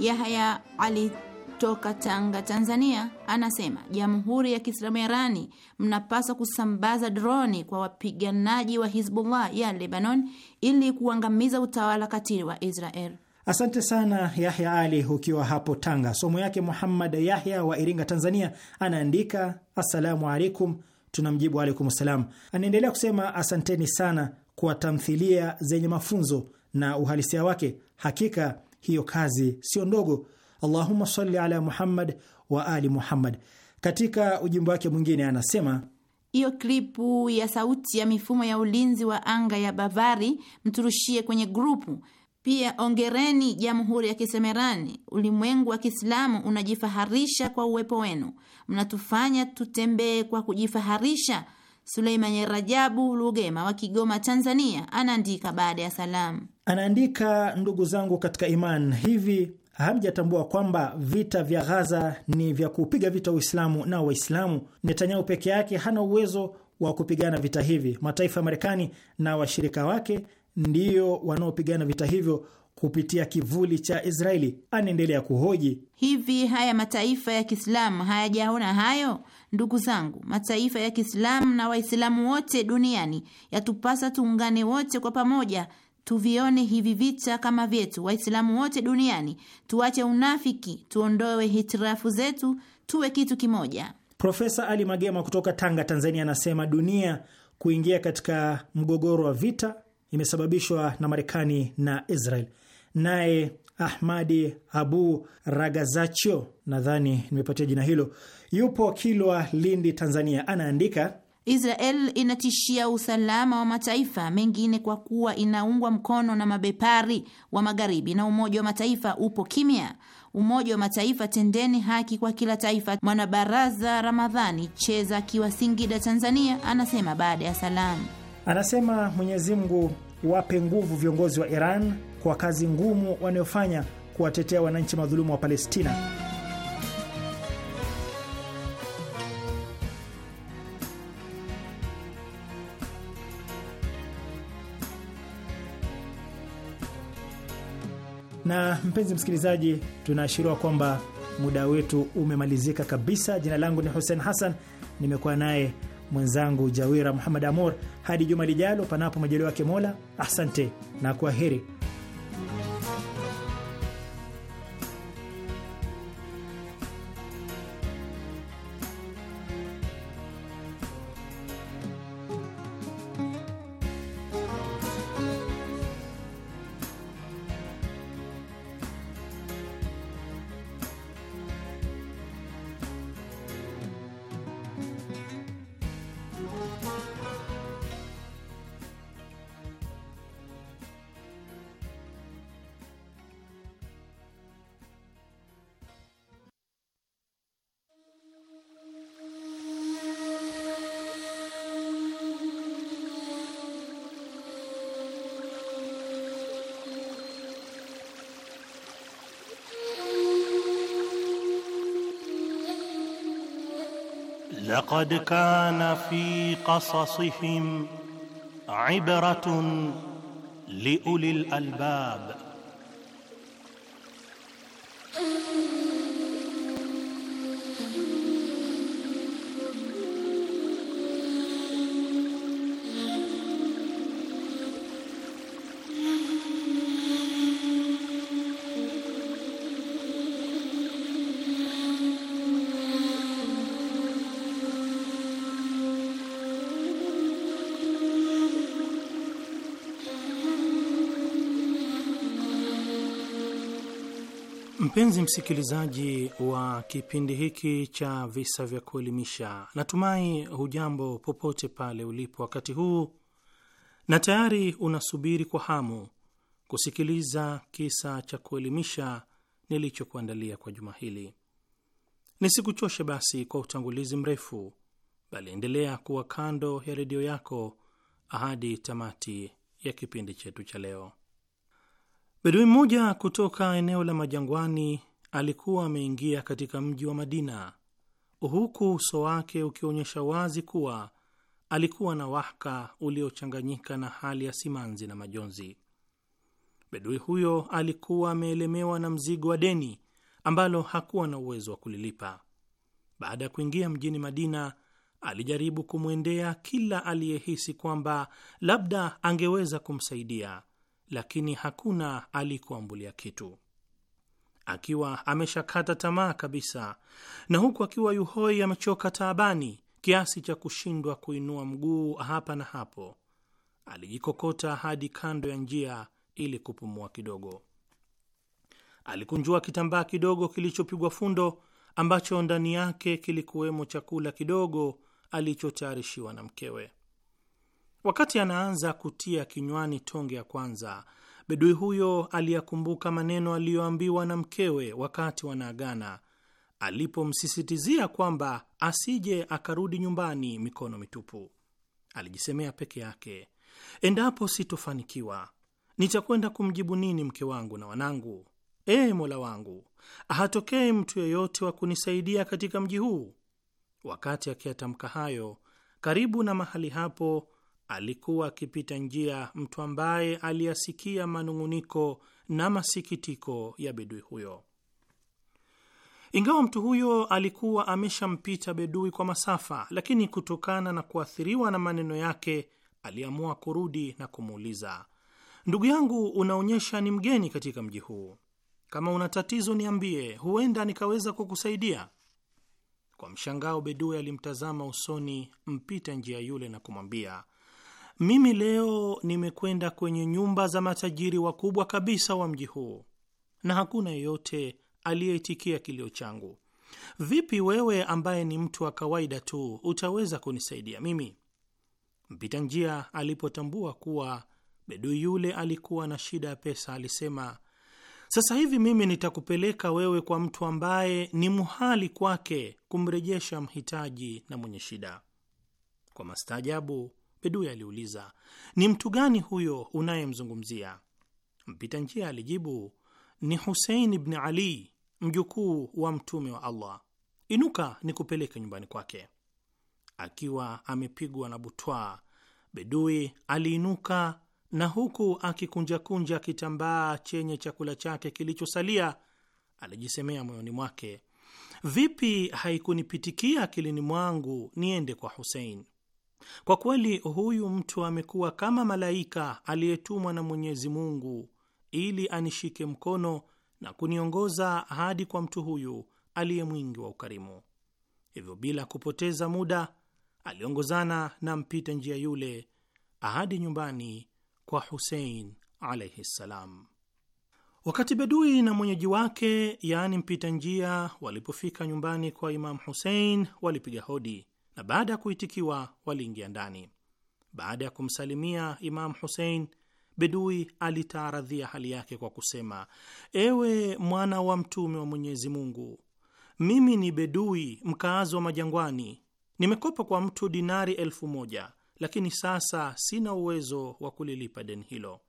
Yahya Ali toka Tanga, Tanzania, anasema Jamhuri ya Kiislamu ya Irani, mnapaswa kusambaza droni kwa wapiganaji wa Hizbullah ya Lebanon ili kuangamiza utawala katili wa Israel. Asante sana Yahya Ali ukiwa hapo Tanga. Somo yake Muhammad Yahya wa Iringa, Tanzania, anaandika assalamu alaikum. Tunamjibu alaikum salam. Anaendelea kusema asanteni sana kwa tamthilia zenye mafunzo na uhalisia wake, hakika hiyo kazi sio ndogo. Allahumma salli ala Muhammad wa ali Muhammad. Katika ujumbe wake mwingine anasema hiyo klipu ya sauti ya mifumo ya ulinzi wa anga ya Bavari mturushie kwenye grupu. Pia ongereni Jamhuri ya Kisemerani. Ulimwengu wa Kiislamu unajifaharisha kwa uwepo wenu, mnatufanya tutembee kwa kujifaharisha. Suleiman Rajabu Lugema wa Kigoma, Tanzania, anaandika baada ya salamu. Anaandika, ndugu zangu katika iman, hivi hamjatambua kwamba vita vya Ghaza ni vya kupiga vita Uislamu na Waislamu? Netanyahu peke yake hana uwezo wa kupigana vita hivi. Mataifa ya Marekani na washirika wake ndiyo wanaopigana vita hivyo kupitia kivuli cha Israeli. Anaendelea kuhoji, hivi haya mataifa ya Kiislamu hayajaona hayo? Ndugu zangu, mataifa ya Kiislamu na Waislamu wote duniani yatupasa tuungane wote kwa pamoja tuvione hivi vita kama vyetu, Waislamu wote duniani, tuache unafiki, tuondoe hitirafu zetu, tuwe kitu kimoja. Profesa Ali Magema kutoka Tanga, Tanzania, anasema dunia kuingia katika mgogoro wa vita imesababishwa na Marekani na Israel. Naye Ahmadi Abu Ragazacho, nadhani nimepatia jina hilo, yupo Kilwa, Lindi, Tanzania, anaandika Israel inatishia usalama wa mataifa mengine kwa kuwa inaungwa mkono na mabepari wa Magharibi na Umoja wa Mataifa upo kimya. Umoja wa Mataifa, tendeni haki kwa kila taifa. Mwanabaraza Ramadhani Cheza akiwa Singida, Tanzania, anasema baada ya salamu, anasema Mwenyezi Mungu wape nguvu viongozi wa Iran kwa kazi ngumu wanayofanya kuwatetea wananchi madhulumu wa Palestina. Na mpenzi msikilizaji, tunaashiriwa kwamba muda wetu umemalizika kabisa. Jina langu ni Hussein Hassan, nimekuwa naye mwenzangu Jawira Muhammad Amor. Hadi juma lijalo, panapo majaliwa yake Mola. Asante na heri لقد كان في قصصهم عبره لاولي الالباب Mpenzi msikilizaji wa kipindi hiki cha visa vya kuelimisha, natumai hujambo popote pale ulipo wakati huu na tayari unasubiri kwa hamu kusikiliza kisa cha kuelimisha nilichokuandalia kwa juma hili. Nisikuchoshe basi kwa utangulizi mrefu, bali endelea kuwa kando ya redio yako hadi tamati ya kipindi chetu cha leo. Bedui mmoja kutoka eneo la majangwani alikuwa ameingia katika mji wa Madina, huku uso wake ukionyesha wazi kuwa alikuwa na wahaka uliochanganyika na hali ya simanzi na majonzi. Bedui huyo alikuwa ameelemewa na mzigo wa deni ambalo hakuwa na uwezo wa kulilipa. Baada ya kuingia mjini Madina, alijaribu kumwendea kila aliyehisi kwamba labda angeweza kumsaidia lakini hakuna alikuambulia kitu. Akiwa ameshakata tamaa kabisa, na huku akiwa yuhoi amechoka taabani kiasi cha kushindwa kuinua mguu hapa na hapo, alijikokota hadi kando ya njia ili kupumua kidogo. Alikunjua kitambaa kidogo kilichopigwa fundo ambacho ndani yake kilikuwemo chakula kidogo alichotayarishiwa na mkewe. Wakati anaanza kutia kinywani tonge ya kwanza, bedui huyo aliyakumbuka maneno aliyoambiwa na mkewe wakati wanaagana, alipomsisitizia kwamba asije akarudi nyumbani mikono mitupu. Alijisemea peke yake, endapo sitofanikiwa nitakwenda kumjibu nini mke wangu na wanangu? Ee Mola wangu, hatokee mtu yeyote wa kunisaidia katika mji huu. Wakati akiyatamka hayo, karibu na mahali hapo alikuwa akipita njia mtu ambaye aliyasikia manung'uniko na masikitiko ya bedui huyo. Ingawa mtu huyo alikuwa ameshampita bedui kwa masafa, lakini kutokana na kuathiriwa na maneno yake aliamua kurudi na kumuuliza, ndugu yangu, unaonyesha ni mgeni katika mji huu. Kama una tatizo niambie, huenda nikaweza kukusaidia. Kwa mshangao, bedui alimtazama usoni mpita njia yule na kumwambia, mimi leo nimekwenda kwenye nyumba za matajiri wakubwa kabisa wa mji huu, na hakuna yeyote aliyeitikia kilio changu. Vipi wewe ambaye ni mtu wa kawaida tu utaweza kunisaidia mimi? Mpita njia alipotambua kuwa bedui yule alikuwa na shida ya pesa, alisema, sasa hivi mimi nitakupeleka wewe kwa mtu ambaye ni muhali kwake kumrejesha mhitaji na mwenye shida. Kwa mastaajabu bedui aliuliza, ni mtu gani huyo unayemzungumzia? Mpita njia alijibu, ni Husein ibn Ali, mjukuu wa Mtume wa Allah. Inuka nikupeleke nyumbani kwake. Akiwa amepigwa na butwaa, Bedui aliinuka na huku akikunjakunja kitambaa chenye chakula chake kilichosalia, alijisemea moyoni mwake, vipi haikunipitikia akilini mwangu niende kwa Husein? Kwa kweli huyu mtu amekuwa kama malaika aliyetumwa na Mwenyezi Mungu ili anishike mkono na kuniongoza hadi kwa mtu huyu aliye mwingi wa ukarimu. Hivyo bila kupoteza muda aliongozana na mpita njia yule hadi nyumbani kwa Husein alaihi ssalam. Wakati bedui na mwenyeji wake, yaani mpita njia, walipofika nyumbani kwa Imamu Husein walipiga hodi na baada ya kuitikiwa waliingia ndani. Baada ya kumsalimia Imamu Husein, Bedui alitaaradhia hali yake kwa kusema, ewe mwana wa mtume wa Mwenyezi Mungu, mimi ni bedui mkaazi wa majangwani, nimekopa kwa mtu dinari elfu moja lakini sasa sina uwezo wa kulilipa deni hilo.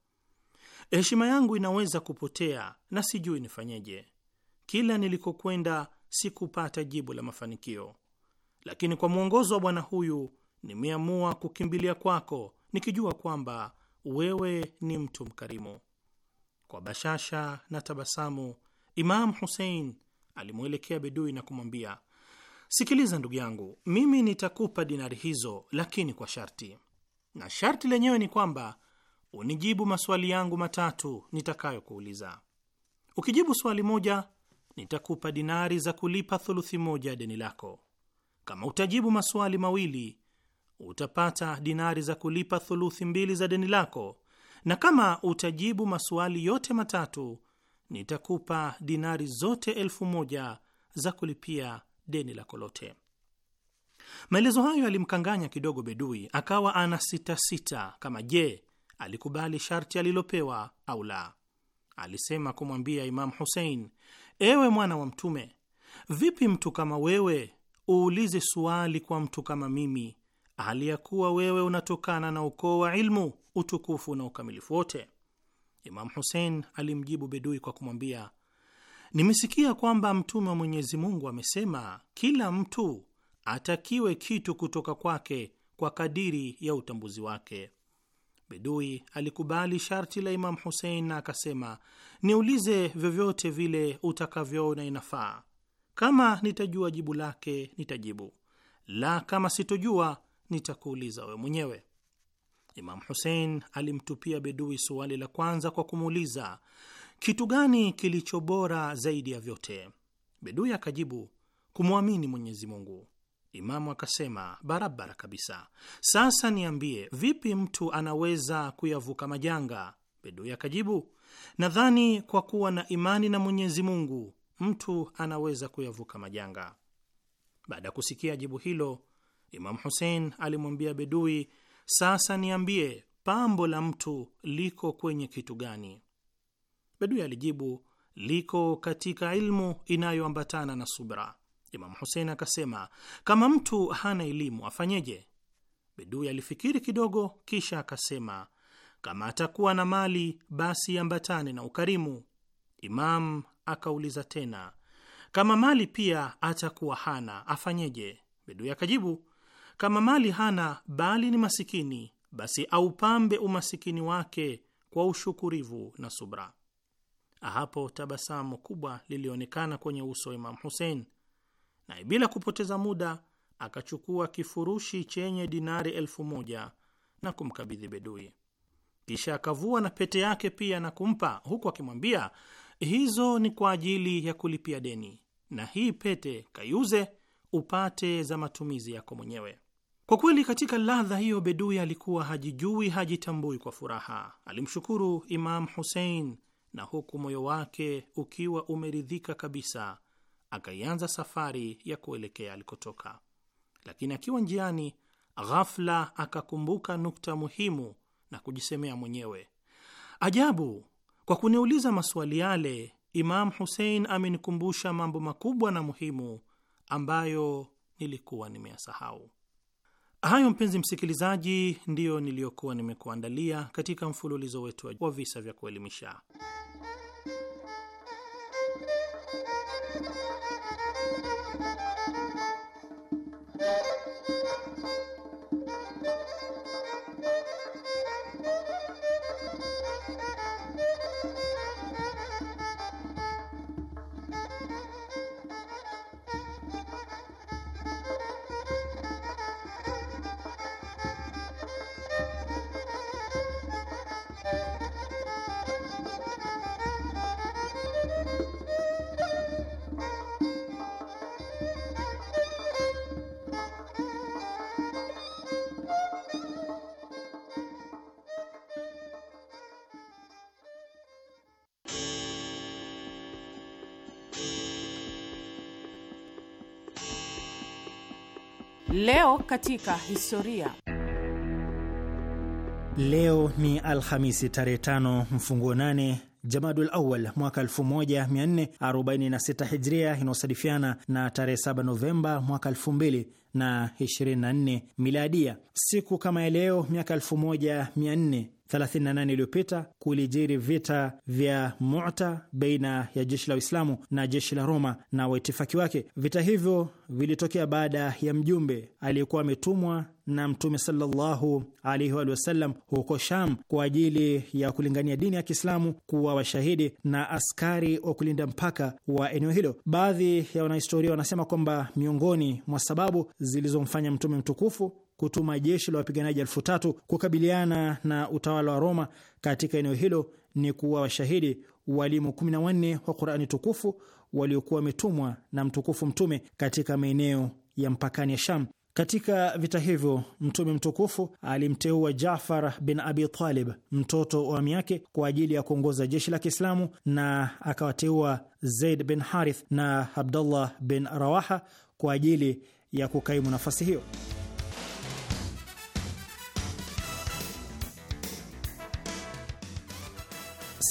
Heshima yangu inaweza kupotea na sijui nifanyeje. Kila nilikokwenda sikupata jibu la mafanikio lakini kwa mwongozo wa bwana huyu nimeamua kukimbilia kwako nikijua kwamba wewe ni mtu mkarimu. Kwa bashasha na tabasamu, Imamu Husein alimwelekea Bedui na kumwambia, sikiliza ndugu yangu, mimi nitakupa dinari hizo, lakini kwa sharti, na sharti lenyewe ni kwamba unijibu maswali yangu matatu nitakayokuuliza. Ukijibu swali moja, nitakupa dinari za kulipa thuluthi moja deni lako kama utajibu maswali mawili utapata dinari za kulipa thuluthi mbili za deni lako, na kama utajibu maswali yote matatu nitakupa dinari zote elfu moja za kulipia deni lako lote. Maelezo hayo alimkanganya kidogo Bedui, akawa ana sita kama je, alikubali sharti alilopewa au la. Alisema kumwambia Imamu Husein, ewe mwana wa Mtume, vipi mtu kama wewe uulize suali kwa mtu kama mimi, hali ya kuwa wewe unatokana na ukoo wa ilmu, utukufu na ukamilifu wote. Imam Husein alimjibu Bedui kwa kumwambia, nimesikia kwamba Mtume wa Mwenyezi Mungu amesema, kila mtu atakiwe kitu kutoka kwake kwa kadiri ya utambuzi wake. Bedui alikubali sharti la Imam Husein na akasema, niulize vyovyote vile utakavyoona inafaa kama nitajua jibu lake nitajibu, la kama sitojua nitakuuliza wewe mwenyewe. Imam Hussein alimtupia bedui suali la kwanza kwa kumuuliza kitu gani kilicho bora zaidi ya vyote. Bedui akajibu kumwamini Mwenyezi Mungu. Imamu akasema barabara kabisa. Sasa niambie, vipi mtu anaweza kuyavuka majanga? Bedui akajibu nadhani kwa kuwa na imani na Mwenyezi Mungu mtu anaweza kuyavuka majanga. Baada ya kusikia jibu hilo, Imamu Husein alimwambia bedui, sasa niambie, pambo la mtu liko kwenye kitu gani? Bedui alijibu, liko katika ilmu inayoambatana na subra. imam Husein akasema, kama mtu hana elimu afanyeje? Bedui alifikiri kidogo, kisha akasema, kama atakuwa na mali basi ambatane na ukarimu. Imam akauliza tena, kama mali pia atakuwa hana afanyeje? bedui akajibu, kama mali hana bali ni masikini, basi aupambe umasikini wake kwa ushukurivu na subra. Hapo tabasamu kubwa lilionekana kwenye uso wa Imamu Husein, naye bila kupoteza muda akachukua kifurushi chenye dinari elfu moja na kumkabidhi Bedui, kisha akavua na pete yake pia na kumpa, huku akimwambia hizo ni kwa ajili ya kulipia deni, na hii pete kaiuze upate za matumizi yako mwenyewe. Kwa kweli katika ladha hiyo Bedui alikuwa hajijui, hajitambui kwa furaha. Alimshukuru Imam Husein na huku moyo wake ukiwa umeridhika kabisa, akaianza safari ya kuelekea alikotoka. Lakini akiwa njiani, ghafla akakumbuka nukta muhimu na kujisemea mwenyewe, ajabu, kwa kuniuliza maswali yale, Imam Husein amenikumbusha mambo makubwa na muhimu ambayo nilikuwa nimeyasahau. Hayo mpenzi msikilizaji, ndiyo niliyokuwa nimekuandalia katika mfululizo wetu wa visa vya kuelimisha. Leo katika historia. Leo ni Alhamisi tarehe tano mfunguo nane Jamadul Awal mwaka 1446 Hijria, inayosadifiana na tarehe 7 Novemba mwaka 2024 Miladia. Siku kama ya leo miaka 1400 38 iliyopita kulijiri vita vya Muta baina ya jeshi la Uislamu na jeshi la Roma na waitifaki wake. Vita hivyo vilitokea baada ya mjumbe aliyekuwa ametumwa na Mtume sallallahu alaihi wa sallam huko Sham kwa ajili ya kulingania dini ya Kiislamu kuwa washahidi na askari wa kulinda mpaka wa eneo hilo. Baadhi ya wanahistoria wanasema kwamba miongoni mwa sababu zilizomfanya Mtume mtukufu kutuma jeshi la wapiganaji elfu tatu kukabiliana na utawala wa Roma katika eneo hilo ni kuwa washahidi walimu 14 wa Qurani tukufu waliokuwa wametumwa na mtukufu mtume katika maeneo ya mpakani ya Sham. Katika vita hivyo mtume mtukufu alimteua Jafar bin Abi Talib, mtoto wa ami yake, kwa ajili ya kuongoza jeshi la Kiislamu, na akawateua Zaid bin Harith na Abdullah bin Rawaha kwa ajili ya kukaimu nafasi hiyo.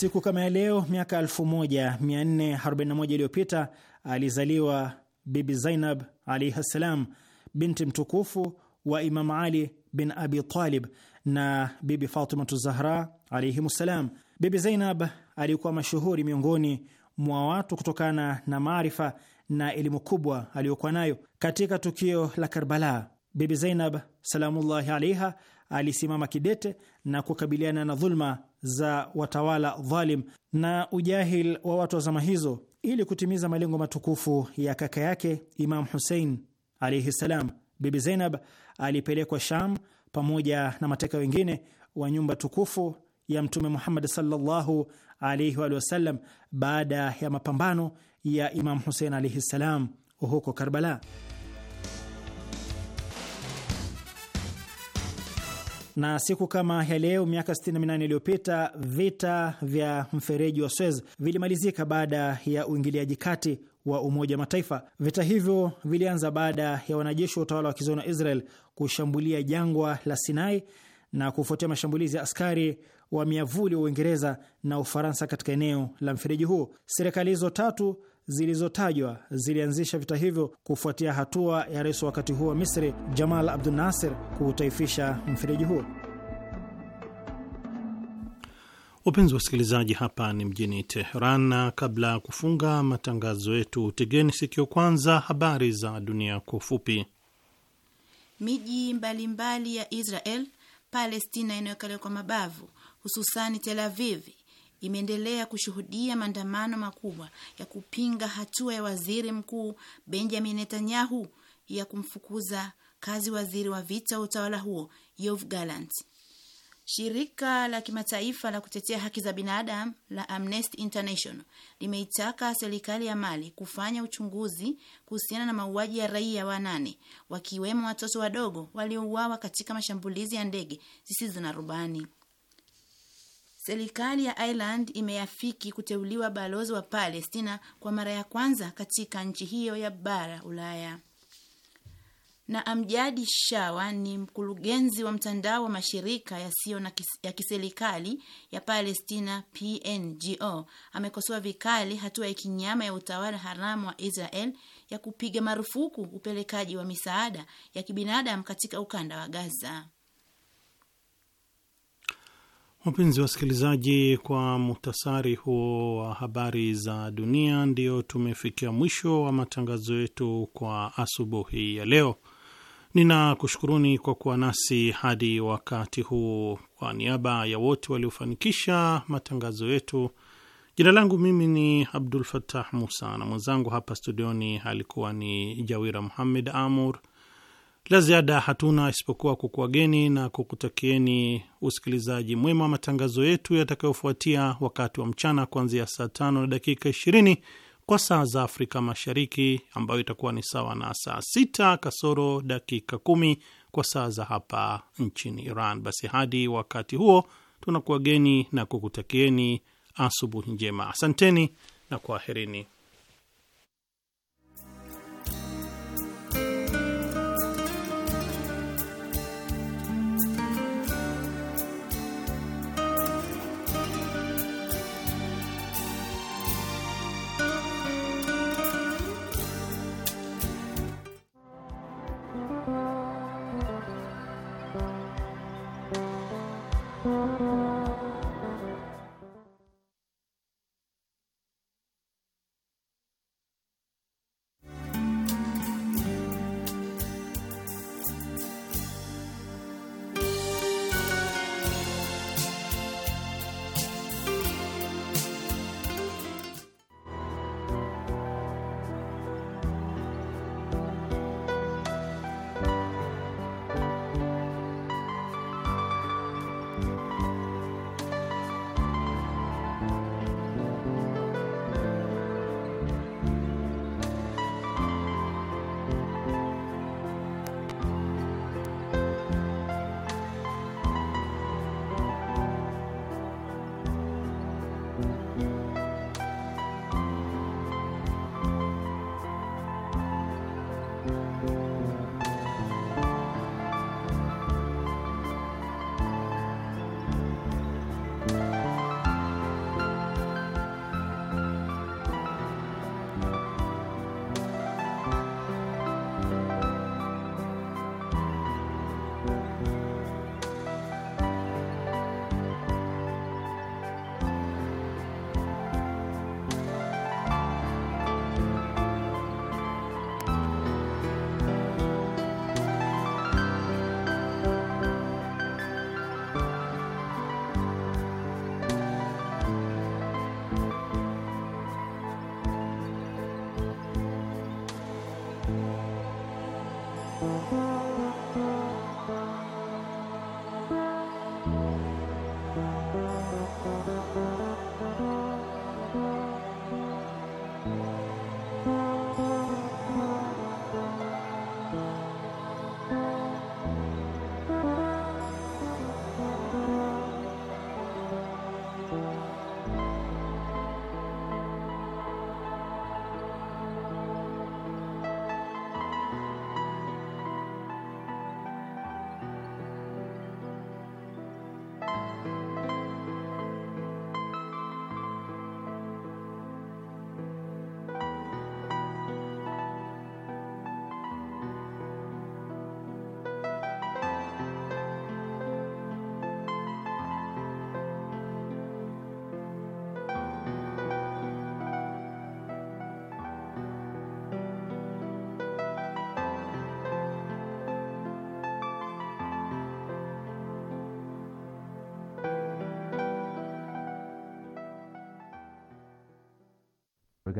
Siku kama ya leo miaka 1441 iliyopita alizaliwa Bibi Zainab alaihi ssalam, binti mtukufu wa Imam Ali bin Abi Talib na Bibi Fatimatu Zahra alaihim ssalam. Bibi Zainab alikuwa mashuhuri miongoni mwa watu kutokana na maarifa na elimu kubwa aliyokuwa nayo. Katika tukio la Karbala, Bibi Zainab salamullahi alaiha alisimama kidete na kukabiliana na dhulma za watawala dhalim na ujahil wa watu wa zama hizo ili kutimiza malengo matukufu ya kaka yake Imam Husein alaihi ssalam. Bibi Zainab alipelekwa Sham pamoja na mateka wengine wa nyumba tukufu ya Mtume Muhammad sallallahu alaihi wa wasallam baada ya mapambano ya Imam Husein alaihi ssalam huko Karbala. na siku kama ya leo miaka 68 iliyopita vita vya mfereji wa Suez vilimalizika baada ya uingiliaji kati wa Umoja Mataifa. Vita hivyo vilianza baada ya wanajeshi wa utawala wa kizayuni wa Israel kushambulia jangwa la Sinai na kufuatia mashambulizi ya askari wa miavuli wa Uingereza na Ufaransa katika eneo la mfereji huo. Serikali hizo tatu zilizotajwa zilianzisha vita hivyo kufuatia hatua ya rais wakati huo wa Misri Jamal Abdel Nasser kuutaifisha mfereji huo. Wapenzi wa wasikilizaji, hapa ni mjini Teheran, na kabla ya kufunga matangazo yetu, tegeni sikio kwanza habari za dunia kwa ufupi. Miji mbalimbali mbali ya Israel, Palestina inayokaliwa kwa mabavu, hususani Tel Aviv imeendelea kushuhudia maandamano makubwa ya kupinga hatua ya waziri mkuu Benjamin Netanyahu ya kumfukuza kazi waziri wa vita wa utawala huo Yoav Gallant. Shirika la kimataifa la kutetea haki za binadamu la Amnesty International limeitaka serikali ya Mali kufanya uchunguzi kuhusiana na mauaji ya raia wanane wakiwemo watoto wadogo waliouawa katika mashambulizi ya ndege zisizo na rubani. Serikali ya Ireland imeyafiki kuteuliwa balozi wa Palestina kwa mara ya kwanza katika nchi hiyo ya bara Ulaya. Na Amjadi Shawa ni mkurugenzi wa mtandao wa mashirika yasiyo na kis, ya kiserikali ya Palestina PNGO amekosoa vikali hatua ya kinyama ya utawala haramu wa Israel ya kupiga marufuku upelekaji wa misaada ya kibinadamu katika ukanda wa Gaza. Wapenzi wasikilizaji, kwa muhtasari huo wa habari za dunia, ndio tumefikia mwisho wa matangazo yetu kwa asubuhi ya leo. Ninakushukuruni kwa kuwa nasi hadi wakati huu. Kwa niaba ya wote waliofanikisha matangazo yetu, jina langu mimi ni Abdul fatah Musa na mwenzangu hapa studioni alikuwa ni Jawira Muhammed Amur. La ziada hatuna isipokuwa kukuageni na kukutakieni usikilizaji mwema wa matangazo yetu yatakayofuatia wakati wa mchana kuanzia saa tano na dakika ishirini kwa saa za Afrika Mashariki, ambayo itakuwa ni sawa na saa sita kasoro dakika kumi kwa saa za hapa nchini Iran. Basi hadi wakati huo tunakuageni na kukutakieni asubuhi njema. Asanteni na kwaherini.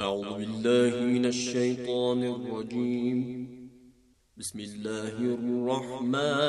أعوذ بالله من الشيطان الرجيم بسم الله الرحمن